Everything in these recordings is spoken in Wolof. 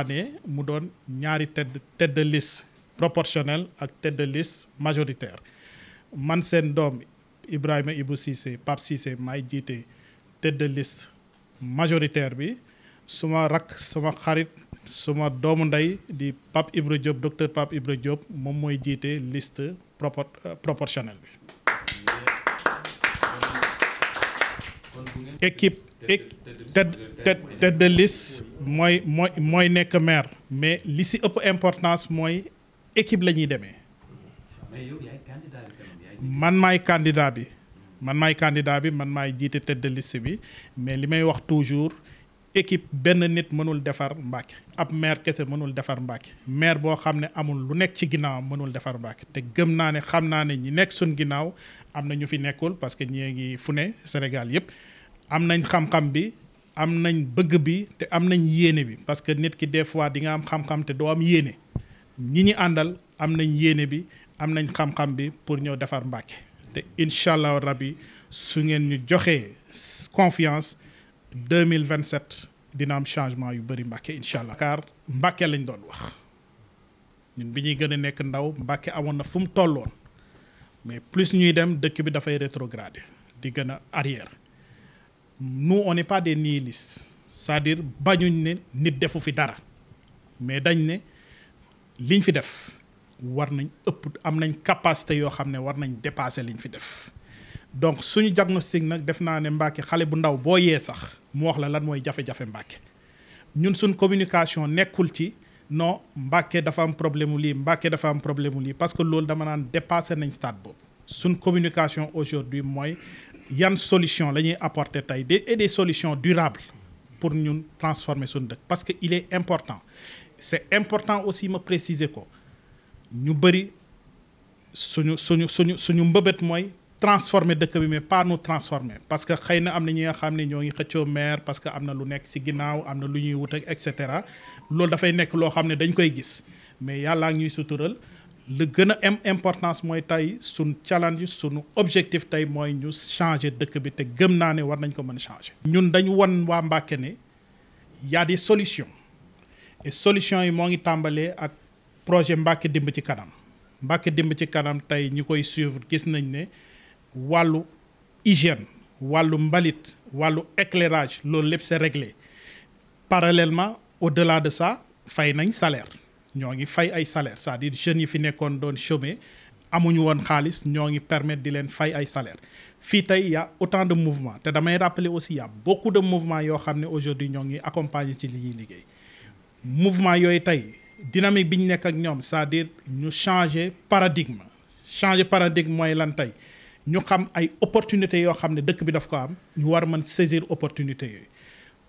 année mu doon ñaari tête tête de liste ak tête de liste man seen doom Ibrahima Ibou Cissé Pape Cissé maay jiite tête de liste majoritaire bi suma rakk suma xarit suma doomu ndey di Pape Ibra Diop docteur Pape Ibra Diop moom mooy jiite liste propor euh, bi. équipe tête tête de mooy mooy mooy nekk maire mais li si ëpp importance mooy équipe la ñuy demee man maay candidat bi man maay candidat bi man maay jiite tëdd de bi mais li may wax toujours équipe benn nit mënul defar Mbàkke ab maire kese mënul defar Mbàkke maire boo xam ne amul lu nekk ci ginnaaw mënul defar Mbàkke te gëm naa ne xam naa ne ñi nekk suñ ginnaaw am na ñu fi nekkul parce que ñi ngi fu ne Sénégal yëpp am nañ xam-xam bi am nañ bëgg bi te am nañ yéene bi parce que nit ki des fois di nga am xam-xam te doo am yéene ñi ñi àndal am nañ yéene bi am nañ xam-xam bi pour ñëw defar Mbàkke te incha allah rabbi su ngeen ñu joxee confiance 2027 dina am changement yu bëri Mbàkke incha allah. car Mbàkke lañ doon wax ñun bi ñuy gën a nekk ndaw Mbàkke amoon na fu mu tolloon mais plus ñuy dem dëkk bi dafay rétrogradé di gën a arrière. nous on pas des nihilistes c'est-à-dire bañuñ ne nit defu fi dara mais dañ ne liñ fi def war nañ ëpp am nañ capacité yoo xam ne war nañ dépasser liñ fi def donc suñu diagnostic nag def naa ne Mbacke xale bu ndaw boo yee sax mu wax la lan mooy jafe-jafe Mbacke ñun suñ communication nekkul ci non Mbacke dafa am problème lii Mbacke dafa am problème lii parce que loolu dama naan dépassé nañ stade boobu suñ communication aujourd'hui mooy yan solution la ñuy apporter tey des et des solution durable pour ñun transformer suñu dëkk parce que il et important c'est important aussi ma préciser ko ñu bëri suñu suñu suñu suñu mbëbët mooy transformer dëkk bi mais pas nous transformer parce que xëy na am na ñi nga xam ne ñoo ngi xëccoo maire parce que am na lu nekk ci ginnaaw am na lu ñuy wut ak et cetera loolu dafay nekk loo xam ne dañ koy gis mais yàlla ñuy sutural li gën a importance mooy tey suñ challenge sunu objectif tey mooy ñu changer dëkk bi te gëm naa ne war nañ ko mën a changer. ñun dañu won waa Mbàkke ne y a des solutions et yi moo ngi tàmbalee ak projet Mbàkke dimb ci kanam Mbàkke dimb ci kanam tey ñi koy suivre gis nañ ne wàllu hygiène wàllu mbalit wàllu éclairage loolu lépp c'est réglé parallèlement au-delà de ça fay nañ salaire. ñoo ngi fay ay salaire c'est-à-dire jeunes yi fi nekkoon doon chômer amuñu woon xaalis ñoo ngi permettre di leen fay ay salaire fii tey y a autant de mouvements te damay rappeler aussi y a beaucoup de mouvements yoo xam ne aujourd'hui ñoo ngi accompagner ci li liggéey mouvement yooyu tey dynamique bi ñu nekk ak ñoom cest à ñu changer paradigme changer paradigme mooy lan tey ñu xam ay opportunités yoo xam ne dëkk bi daf ko am ñu war mën saisir opportunité yooyu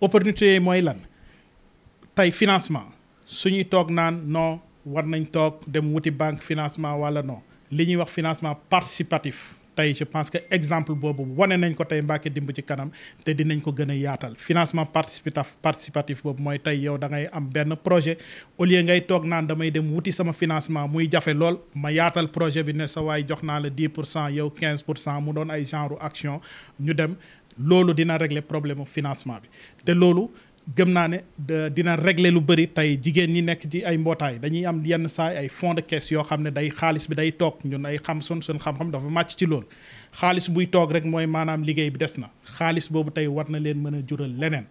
opportunité yooyu mooy lan tey financement suñuy toog naan non war nañ toog dem wuti banque financement wala non li ñuy wax financement participatif tey je pense que exemple boobu wane nañ ko tey Mbacke dimb ci kanam te dinañ ko gën a yaatal financement participatif participatif boobu mooy tey yow da ngay am benn projet au lieu ngay toog naan damay dem wuti sama financement muy jafe lool ma yaatal projet bi ne sa waay jox naa la 10 pour cent yow 15 pour cent mu doon ay genre action ñu dem loolu dina régler problème financement bi te loolu. gëm naa ne dina réglé lu bëri tey jigéen ñi nekk ci ay mbootaay dañuy am yenn saay ay fonds de caisse yoo xam ne day xaalis bi day toog ñun ay xam sun sun xam-xam dafa màcc ci loolu xaalis buy toog rek mooy maanaam liggéey bi des na xaalis boobu tey war na leen mën a jural leneen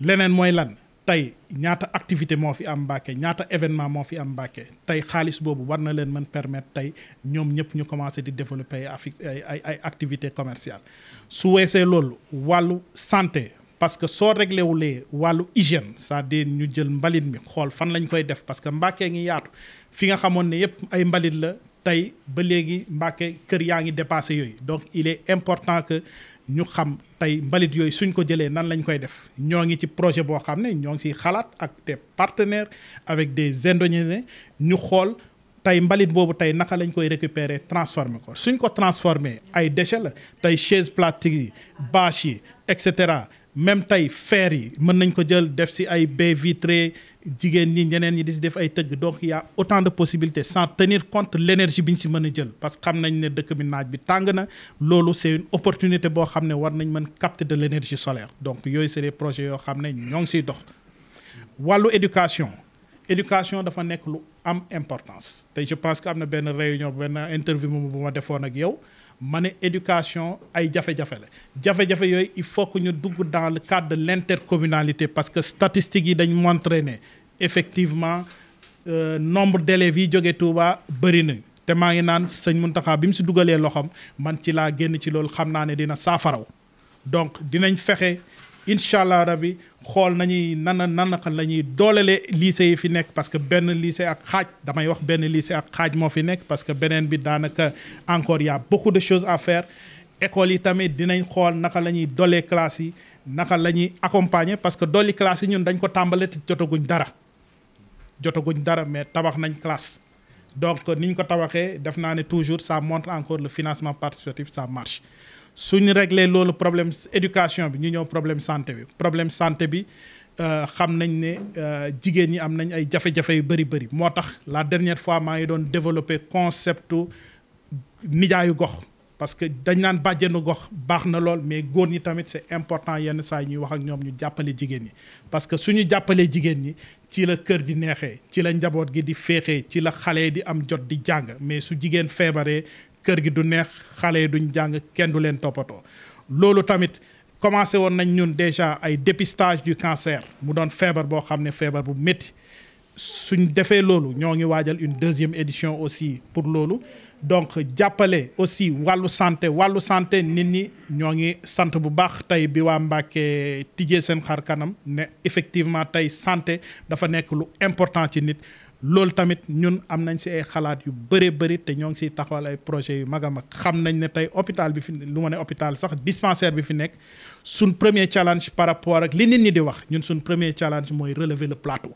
leneen mooy lan tey ñaata activité moo fi am Mbàkke ñaata événement moo fi am Mbàkke tey xaalis boobu war na leen mën permettre tey ñoom ñëpp ñu commencé di développer ay ay ay activité commerciale su weesee loolu wàllu santé parce que soo réglewulee wàllu hygiène cest à ñu jël mbalit mi xool fan lañ koy def parce que Mbàkke ngi yaatu fi nga xamoon ne yëpp ay mbalit la tey ba léegi Mbàkke kër yaa ngi dépassé yooyu donc il est important que ñu xam tey mbalit yooyu suñ ko jëlee nan lañ koy def ñoo ngi ci projet boo xam ne ñoo ngi siy xalaat ak des partenaires avec des indonésien ñu xool tey mbalit boobu tey naka lañ koy récupérer transformer ko suñ ko transformer ay déchets la tey chaise plastique yi bâche yi et cetera même tey fer yi mën nañ ko jël def si ay baies vitrées jigéen ñi ñeneen ñi di si def ay tëgg donc y' a de possibilité sans tenir compte l' bi ñu si mën a jël parce que xam nañ ne dëkk bi naaj bi tàng na loolu seen est opportunité boo xam ne war nañ mën capter de l' énergie solaire donc yooyu c' est des projets yoo xam ne ñoo ngi siy dox wàllu éducation éducation dafa nekk lu am importance te je pense que am na benn réunion benn interview moom bu ma defoon ak yow. ma ne éducation ay jafe-jafe la jafe-jafe yooyu il faut que ñu dugg dans le cadre de l'intercommunalité parce que statistiques yi dañ montré ne effectivement euh, nombre d'élèves yi jóge Touba bëri nañ te maa ngi naan sëñ Mountakha bi mu si dugalee loxoom man ci laa génn ci loolu xam naa ne dina saafaraw donc dinañ fexe incha allah rabi xool nañuy nan nanaka la ñuy doolelee lycée yi fi nekk parce que benn lycée ak xaaj damay wax benn lycée ak xaaj moo fi nekk parce que beneen bi daanaka encore y a beaucoup de choses à faire école yi tamit dinañ xool naka la ñuy doolee classe yi naka la ñuy accompagner parce que dolli classe yi ñun dañ ko tàmbale te jotaguñ dara jotaguñ dara mais tabax nañ classe donc ni ñu ko tabaxee def naa ne toujours ça montre encore le financement participatif ça marche suñu réglé loolu problème éducation bi ñu ñëw problème santé bi problème santé bi euh, xam nañ ne euh, jigéen ñi am nañ ay jafe-jafe yu bëri bëri moo tax la dernière fois maa ngi doon développé conceptu nijaayu gox parce que dañ naan bàjjenu gox baax na lool mais góor ñi tamit c'est important yenn saa yi ñuy wax ak ñoom ñu jàppale jigéen ñi parce que suñu jàppalee jigéen ñi ci la kër di neexee ci la njaboot gi di féexee ci la xale yi di am jot di jàng mais su jigéen feebaree kër gi du neex xale yi duñ jàng kenn du leen toppatoo loolu tamit commencé woon nañ ñun déjà ay dépistage du cancer mu doon feebar boo xam ne feebar bu métti suñ defee loolu ñoo ngi waajal une deuxième édition aussi pour loolu donc jàppale aussi wàllu santé wàllu santé nit ñi ñoo ngi sant bu baax tey bi waa Mbàkke tijjee seen xar kanam ne effectivement tey santé dafa nekk lu important ci nit loolu tamit ñun am nañ si ay xalaat yu bëree bëri te ñoo ngi siy taxawal ay projet yu mag a mag xam nañ ne tey hôpital bi fi lu ma ne hôpital sax dispensaire bi fi nekk suñ premier challenge par rapport ak li nit ñi di wax ñun suñ premier challenge mooy relever le plateau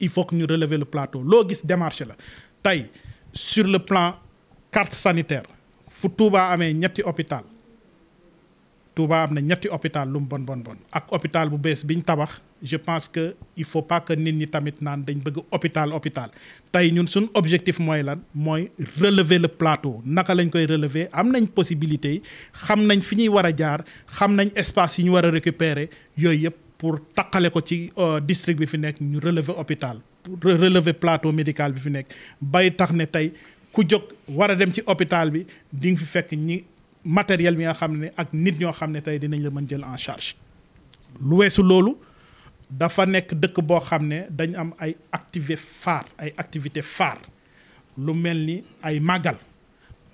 il faut que ñu relever le plateau loo gis démarche la tey sur le plan carte sanitaire fu Touba amee ñetti hôpital Touba am na ñetti hôpital lu mu bon bon bon ak hôpital bu bees biñ tabax je pense que il faut pas que nit ñi tamit naan dañ bëgg hôpital hôpital tey ñun suñ objectif mooy lan mooy relever le plateau naka lañ koy relever am nañ possibilité yi xam nañ fi ñuy war a jaar xam nañ espace yi ñu war a récupérer yooyu yëpp pour taqale ko ci euh, district bi fi nekk ñu relever hôpital relever plateau médical bi fi nekk bay tax ne tey ku jóg war a dem ci hôpital bi matériel bi nga xam ne ak nit ñoo xam ne tey dinañ la mën jël en charge lu weesu loolu dafa nekk dëkk boo xam ne dañ am ay activité phare ay activité phare lu mel ni ay màggal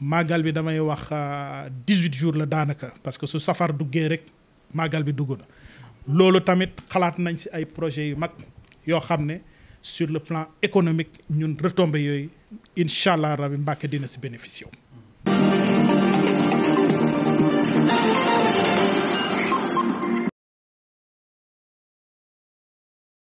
màggal bi damay wax euh, dix-huit jours la daanaka parce que su safar duggee rek màggal bi dugg na loolu tamit xalaat nañ si ay projets yu mag yoo xam ne sur le plan économique ñun retombées yooyu incha allah rabi Mbàkke dina ci bénéficier